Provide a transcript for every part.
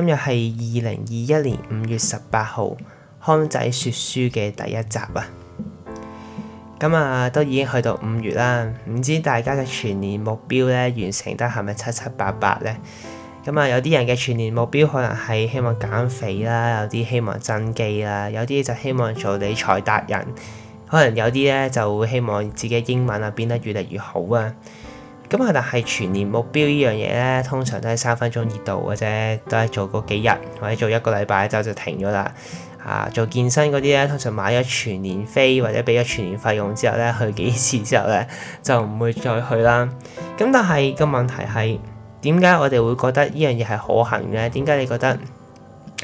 今日係二零二一年五月十八號，康仔說書嘅第一集啊！咁啊，都已經去到五月啦，唔知大家嘅全年目標咧，完成得係咪七七八八咧？咁啊，有啲人嘅全年目標可能係希望減肥啦，有啲希望增肌啦，有啲就希望做理財達人，可能有啲咧就會希望自己英文啊變得越嚟越好啊！咁啊！但係全年目標呢樣嘢咧，通常都係三分鐘熱度嘅啫，都係做過幾日或者做一個禮拜之後就停咗啦。啊，做健身嗰啲咧，通常買咗全年飛或者俾咗全年費用之後咧，去幾次之後咧，就唔會再去啦。咁但係個問題係點解我哋會覺得呢樣嘢係可行嘅？點解你覺得？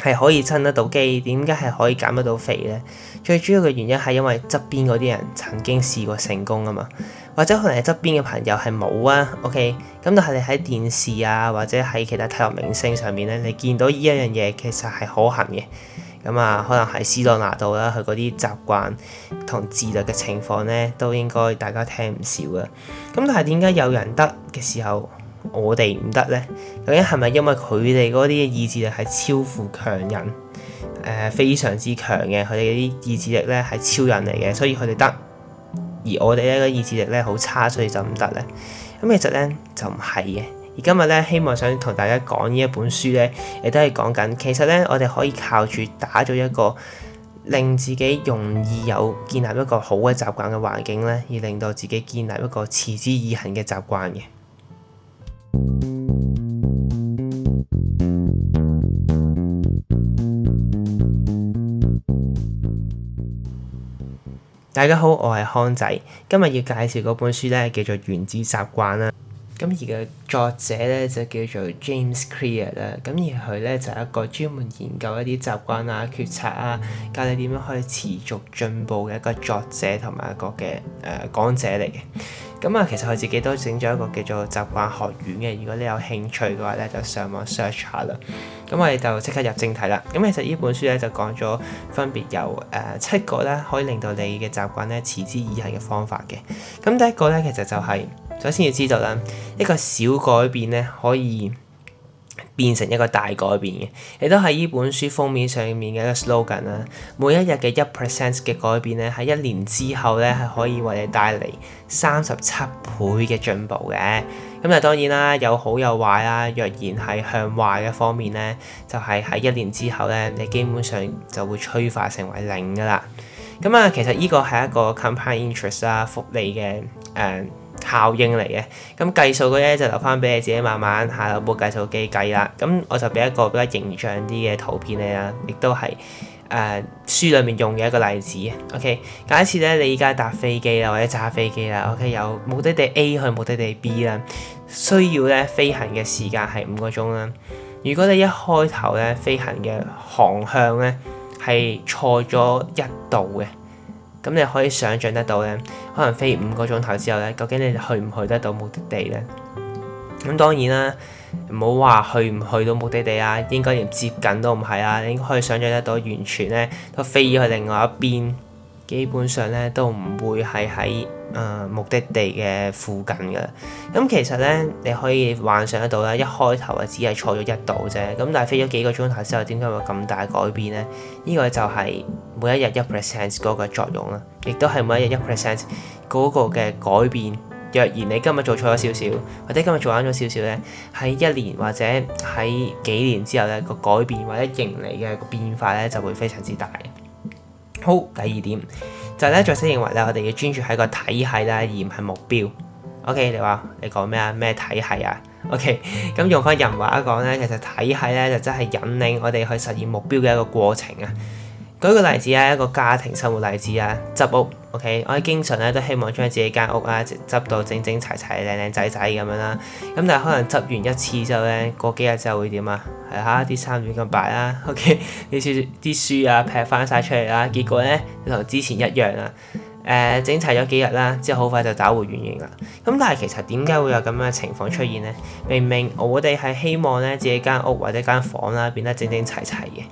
係可以撐得到肌，點解係可以減得到肥呢？最主要嘅原因係因為側邊嗰啲人曾經試過成功啊嘛，或者可能係側邊嘅朋友係冇啊。OK，咁但係你喺電視啊，或者喺其他體育明星上面呢，你見到呢一樣嘢其實係可行嘅。咁啊，可能喺斯多拿度啦，佢嗰啲習慣同自律嘅情況呢，都應該大家聽唔少嘅。咁但係點解有人得嘅時候？我哋唔得咧，究竟係咪因為佢哋嗰啲意志力係超乎強人？誒、呃，非常之強嘅，佢哋嗰啲意志力咧係超人嚟嘅，所以佢哋得。而我哋咧個意志力咧好差，所以就唔得咧。咁其實咧就唔係嘅。而今日咧，希望想同大家講呢一本書咧，亦都係講緊，其實咧我哋可以靠住打造一個令自己容易有建立一個好嘅習慣嘅環境咧，而令到自己建立一個持之以恒嘅習慣嘅。大家好，我係康仔，今日要介紹嗰本書咧，叫做《原子習慣》啦。咁而個作者咧就叫做 James Clear 啦。咁而佢咧就係、一個專門研究一啲習慣啊、決策啊，教你點樣可以持續進步嘅一個作者同埋一個嘅誒講者嚟嘅。咁啊、嗯，其實佢自己都整咗一個叫做習慣學院嘅，如果你有興趣嘅話咧，就上網 search 下啦。咁、嗯、我哋就即刻入正題啦。咁、嗯、其實呢本書咧就講咗分別有誒、呃、七個咧可以令到你嘅習慣咧持之以恆嘅方法嘅。咁、嗯、第一個咧其實就係、是、首先要知道啦，一個小改變咧可以，變成一個大改變嘅，亦都係呢本書封面上面嘅一個 slogan 啦。每一日嘅一 percent 嘅改變咧，喺一年之後咧係可以為你帶嚟三十七倍嘅進步嘅。咁啊當然啦，有好有壞啦。若然係向壞嘅方面咧，就係、是、喺一年之後咧，你基本上就會催化成為零㗎喇。咁啊，其實呢個係一個 compound interest 啦，複利嘅誒。呃效應嚟嘅，咁計數嘅啲就留翻俾你自己慢慢下攞部計數機計啦。咁我就俾一個比較形象啲嘅圖片你啦，亦都係誒書裡面用嘅一個例子。OK，假設咧你依家搭飛機啦，或者揸飛機啦，OK，由目的地 A 去目的地 B 啦，需要咧飛行嘅時間係五個鐘啦。如果你一開頭咧飛行嘅航向咧係錯咗一度嘅。咁你可以想像得到咧，可能飛五個鐘頭之後咧，究竟你去唔去得到目的地咧？咁當然啦，唔好話去唔去到目的地啊，應該連接近都唔係啊，你應該可以想像得到，完全咧都飛咗去另外一邊。基本上咧都唔會係喺誒目的地嘅附近嘅。咁、嗯、其實咧你可以幻想得到啦，一開頭啊只係錯咗一度啫。咁但係飛咗幾個鐘頭之後，點解會咁大改變咧？呢、這個就係每一日一 percent 嗰個作用啦。亦都係每一日一 percent 嗰個嘅改變。若然你今日做錯咗少少，或者今日做啱咗少少咧，喺一年或者喺幾年之後咧，個改變或者盈利嘅變化咧就會非常之大。好，第二點就係咧，作者認為咧，我哋要專注喺個體系咧，而唔係目標。OK，你話你講咩啊？咩體系啊？OK，咁用翻人話一講咧，其實體系咧就真係引領我哋去實現目標嘅一個過程啊。舉個例子啊，一個家庭生活例子啊，執屋，OK，我哋經常咧都希望將自己間屋啊執到整整齊齊、靚靚仔仔咁樣啦。咁但係可能執完一次之後咧，過幾日之後就會點、哎、啊？嚇、okay? 啲衫亂咁擺啦，OK，啲書啲書啊劈翻晒出嚟啦，結果咧同之前一樣啦。誒、呃，整齊咗幾日啦，之後好快就打回原形啦。咁但係其實點解會有咁樣嘅情況出現咧？明明我哋係希望咧自己間屋或者間房啦變得整整齊齊嘅。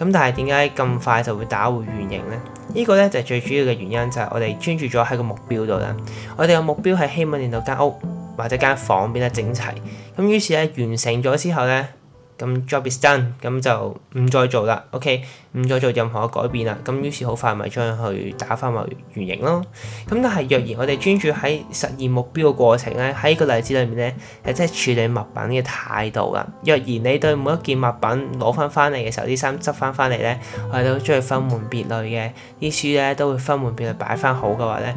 咁但係點解咁快就會打回原形呢？呢、呢個呢就係最主要嘅原因就係、是、我哋專注咗喺個目標度啦。我哋嘅目標係希望令到間屋或者間房變得整齊。咁於是呢，完成咗之後呢。咁 job is done，咁就唔再做啦，OK，唔再做任何改變啦。咁於是好快咪將佢打翻為原形咯。咁但係若然我哋專注喺實現目標嘅過程咧，喺個例子裏面咧，誒即係處理物品嘅態度啦。若然你對每一件物品攞翻翻嚟嘅時候，啲衫執翻翻嚟咧，我哋都將佢分門別類嘅，啲書咧都會分門別類擺翻好嘅話咧，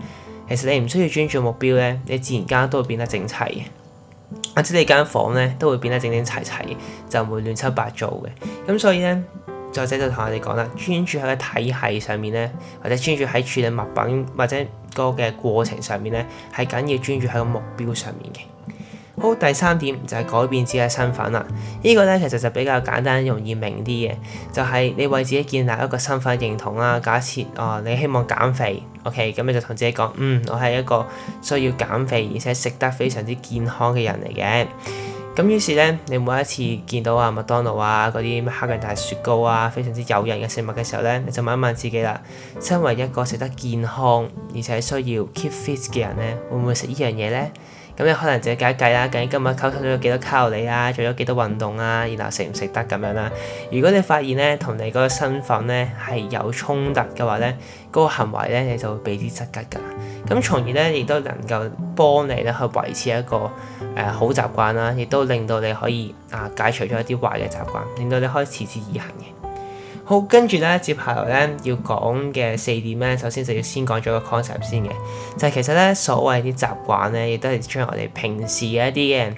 其實你唔需要專注目標咧，你自然間都會變得整齊嘅。我知你間房咧都會變得整整齊齊，就唔會亂七八糟嘅。咁所以咧，作者就同我哋講啦，專注喺個體系上面咧，或者專注喺處理物品或者個嘅過程上面咧，係緊要專注喺個目標上面嘅。好，第三點就係改變自己嘅身份啦。呢個呢，其實就比較簡單、容易明啲嘅，就係你為自己建立一個身份認同啦。假設啊，你希望減肥，OK，咁你就同自己講：嗯，我係一個需要減肥而且食得非常之健康嘅人嚟嘅。咁於是呢，你每一次見到啊麥當勞啊嗰啲黑人大雪糕啊非常之誘人嘅食物嘅時候呢，你就問一問自己啦：身為一個食得健康而且需要 keep fit 嘅人呢，會唔會食呢樣嘢呢？咁你可能自己計一計啦，究竟今日吸收咗幾多卡路里啊，做咗幾多運動啊，然後食唔食得咁樣啦？如果你發現咧同你嗰個身份咧係有衝突嘅話咧，嗰、那個行為咧你就會俾啲質格㗎。咁從而咧亦都能夠幫你咧去維持一個誒、呃、好習慣啦，亦都令到你可以啊解除咗一啲壞嘅習慣，令到你可以持之以恒嘅。好，跟住咧，接下來咧要講嘅四點咧，首先就要先講咗個 concept 先嘅，就係、是、其實咧所謂啲習慣咧，亦都係將我哋平時嘅一啲嘅，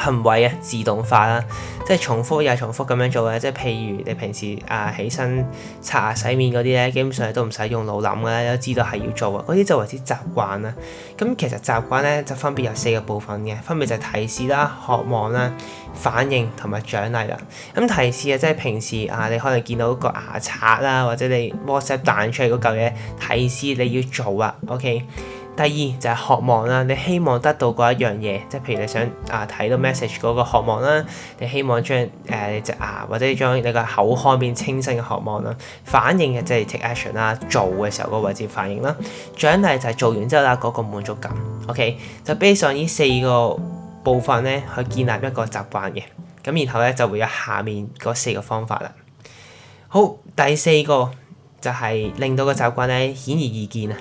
行為啊，自動化啦，即係重複又重複咁樣做嘅，即係譬如你平時啊起身刷牙洗面嗰啲咧，基本上都唔使用，用腦諗嘅啦，都知道係要做啊，嗰啲就為之習慣啦。咁其實習慣咧就分別有四個部分嘅，分別就係提示啦、渴望啦、反應同埋獎勵啦。咁提示啊，即係平時啊，你可能見到個牙刷啦，或者你 WhatsApp 彈出嚟嗰嚿嘢，提示你要做啊，OK。第二就係、是、渴望啦，你希望得到嗰一樣嘢，即係譬如你想啊睇、呃、到 message 嗰個渴望啦，你希望將你隻牙或者將你個口腔變清新嘅渴望啦，反應嘅即係 take action 啦，做嘅時候個位置反應啦，獎勵就係做完之後啦嗰個滿足感，OK，就 base 上呢四個部分咧去建立一個習慣嘅，咁然後咧就會有下面嗰四個方法啦。好，第四個就係、是、令到個習慣咧顯而易見啊。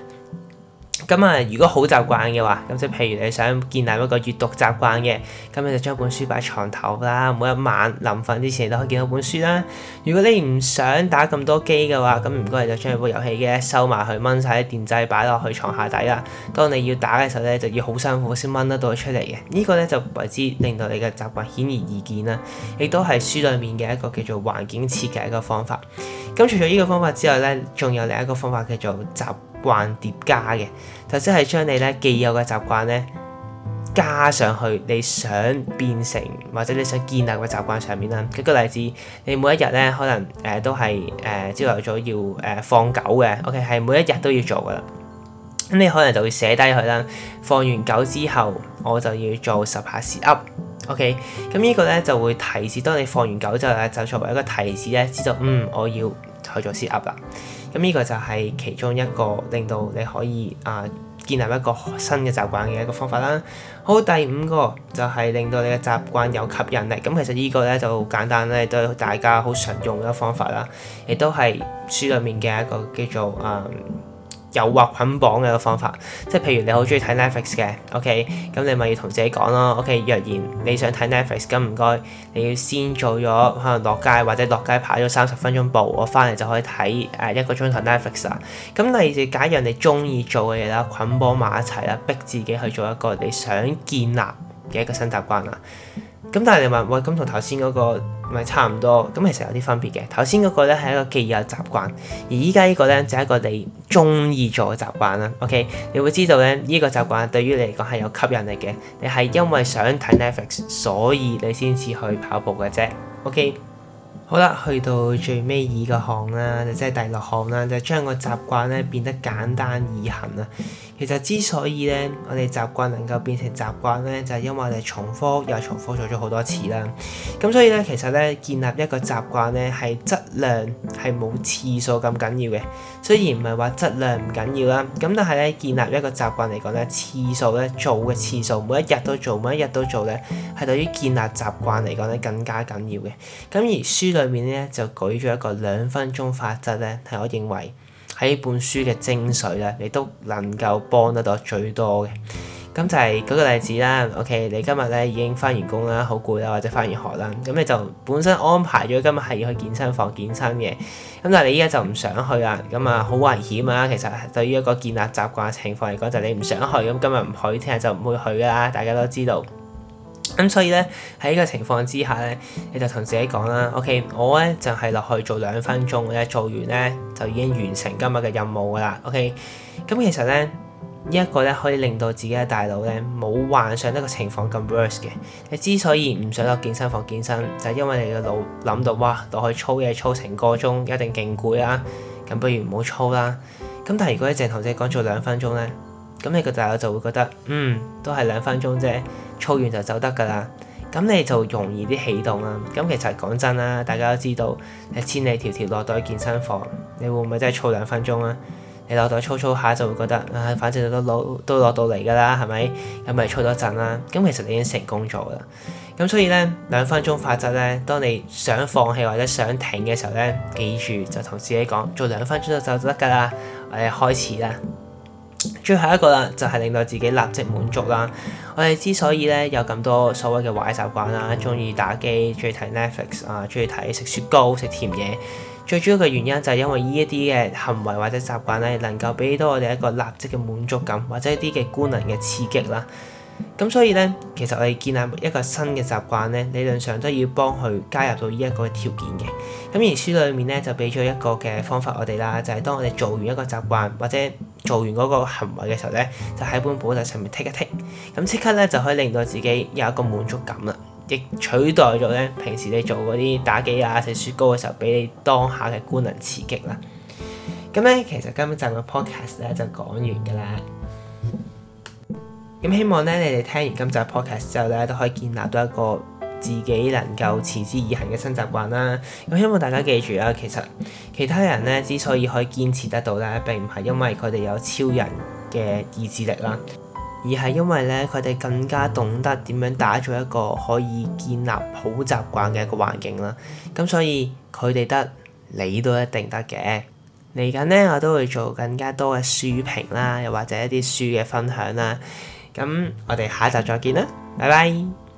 咁啊，如果好習慣嘅話，咁即係譬如你想建立一個閲讀習慣嘅，咁你就將本書擺喺床頭啦，每一晚臨瞓之前都可以見到本書啦。如果你唔想打咁多機嘅話，咁唔該你就將部遊戲機收埋去掹晒啲電掣，擺落去床下底啦。當你要打嘅時候咧，就要好辛苦先掹得到出嚟嘅。呢個咧就為之令到你嘅習慣顯而易見啦，亦都係書裏面嘅一個叫做環境設計嘅方法。咁除咗呢個方法之外咧，仲有另一個方法叫做習慣疊加嘅，就即、是、係將你咧既有嘅習慣咧加上去你想變成或者你想建立嘅習慣上面啦。舉個例子，你每一日咧可能誒、呃、都係誒朝頭早要誒、呃、放狗嘅，OK 係每一日都要做噶啦。咁你可能就會寫低佢啦。放完狗之後，我就要做十下 sit up，OK。咁呢個咧就會提示，當你放完狗之後呢，就作為一個提示咧，知道嗯我要去做 sit up 啦。咁呢個就係其中一個令到你可以啊、呃、建立一個新嘅習慣嘅一個方法啦。好，第五個就係、是、令到你嘅習慣有吸引力。咁、嗯、其實個呢個咧就好簡單咧，都係大家好常用嘅一個方法啦，亦都係書裡面嘅一個叫做啊，呃.誘惑捆綁嘅一個方法，即係譬如你好中意睇 Netflix 嘅，OK，咁你咪要同自己講咯，OK，若然你想睇 Netflix，咁唔該你要先做咗可能落街或者落街跑咗三十分鐘步，我翻嚟就可以睇誒一個鐘頭 Netflix 啦。咁例如假如你中意做嘅嘢啦，捆綁埋一齊啦，逼自己去做一個你想建立嘅一個新習慣啦。咁但係你話喂，咁同頭先嗰個咪差唔多？咁其實有啲分別嘅。頭先嗰個咧係一個既有習慣，而依家呢個咧就係一個你中意做嘅習慣啦。OK，你會知道咧依個習慣對於你嚟講係有吸引力嘅。你係因為想睇 Netflix，所以你先至去跑步嘅啫。OK，好啦，去到最尾二個項啦，即係第六項啦，就將個習慣咧變得簡單易行啦。其實之所以咧，我哋習慣能夠變成習慣咧，就係因為我哋重複又重複做咗好多次啦。咁所以咧，其實咧，建立一個習慣咧，係質量係冇次數咁緊要嘅。雖然唔係話質量唔緊要啦，咁但係咧，建立一個習慣嚟講咧，次數咧，做嘅次數，每一日都做，每一日都做咧，係對於建立習慣嚟講咧更加緊要嘅。咁而書裏面咧就舉咗一個兩分鐘法則咧，係我認為喺本書嘅精髓啦，你都能夠幫得到最多嘅。咁就係舉個例子啦。OK，你今日咧已經返完工啦，好攰啦，或者返完學啦，咁你就本身安排咗今日係要去健身房健身嘅。咁但係你依家就唔想去啦，咁啊好危險啊！其實對於一個建立習慣嘅情況嚟講，就係你唔想去，咁今日唔去，聽日就唔會去啦。大家都知道。咁所以咧喺呢個情況之下咧，你就同自己講啦，OK，我咧就係落去做兩分鐘咧，做完咧就已經完成今日嘅任務噶啦，OK。咁其實咧呢一個咧可以令到自己嘅大腦咧冇幻想呢個情況咁 worse 嘅。你之所以唔想落健身房健身，就係因為你嘅腦諗到哇，落去操嘢操成個鐘一定勁攰啦，咁不如唔好操啦。咁但係如果你淨係同自己講做兩分鐘咧？咁你個大友就會覺得，嗯，都係兩分鐘啫，操完就走得噶啦。咁你就容易啲起動啦。咁其實講真啦，大家都知道，你千里迢迢落到去健身房，你會唔會真係操兩分鐘啊？你落到去操操下就會覺得，唉、啊，反正都攞都攞到嚟噶啦，係咪？咁咪操多陣啦。咁其實你已經成功咗啦。咁所以咧，兩分鐘法則咧，當你想放棄或者想停嘅時候咧，記住就同自己講，做兩分鐘就走得噶啦。我哋開始啦。最後一個啦，就係令到自己立即滿足啦。我哋之所以咧有咁多所謂嘅壞習慣啦，中意打機、中意睇 Netflix 啊、中意睇食雪糕、食甜嘢，最主要嘅原因就係因為呢一啲嘅行為或者習慣咧，能夠俾到我哋一個立即嘅滿足感，或者一啲嘅官能嘅刺激啦。咁所以咧，其實我哋建立一個新嘅習慣咧，理論上都要幫佢加入到呢一個條件嘅。咁而書裏面咧就俾咗一個嘅方法我哋啦，就係當我哋做完一個習慣或者做完嗰個行為嘅時候咧，就喺本簿仔上面剔一剔。咁即刻咧就可以令到自己有一個滿足感啦，亦取代咗咧平時你做嗰啲打機啊、食雪糕嘅時候俾你當下嘅官能刺激啦。咁咧，其實今集嘅 podcast 咧就講完噶啦。咁希望咧，你哋聽完今集 Podcast 之後咧，都可以建立到一個自己能夠持之以恒嘅新習慣啦。咁希望大家記住啊，其實其他人咧之所以可以堅持得到咧，並唔係因為佢哋有超人嘅意志力啦，而係因為咧佢哋更加懂得點樣打造一個可以建立好習慣嘅一個環境啦。咁所以佢哋得，你都一定得嘅。嚟緊咧，我都會做更加多嘅書評啦，又或者一啲書嘅分享啦。咁，我哋下一集再見啦，拜拜。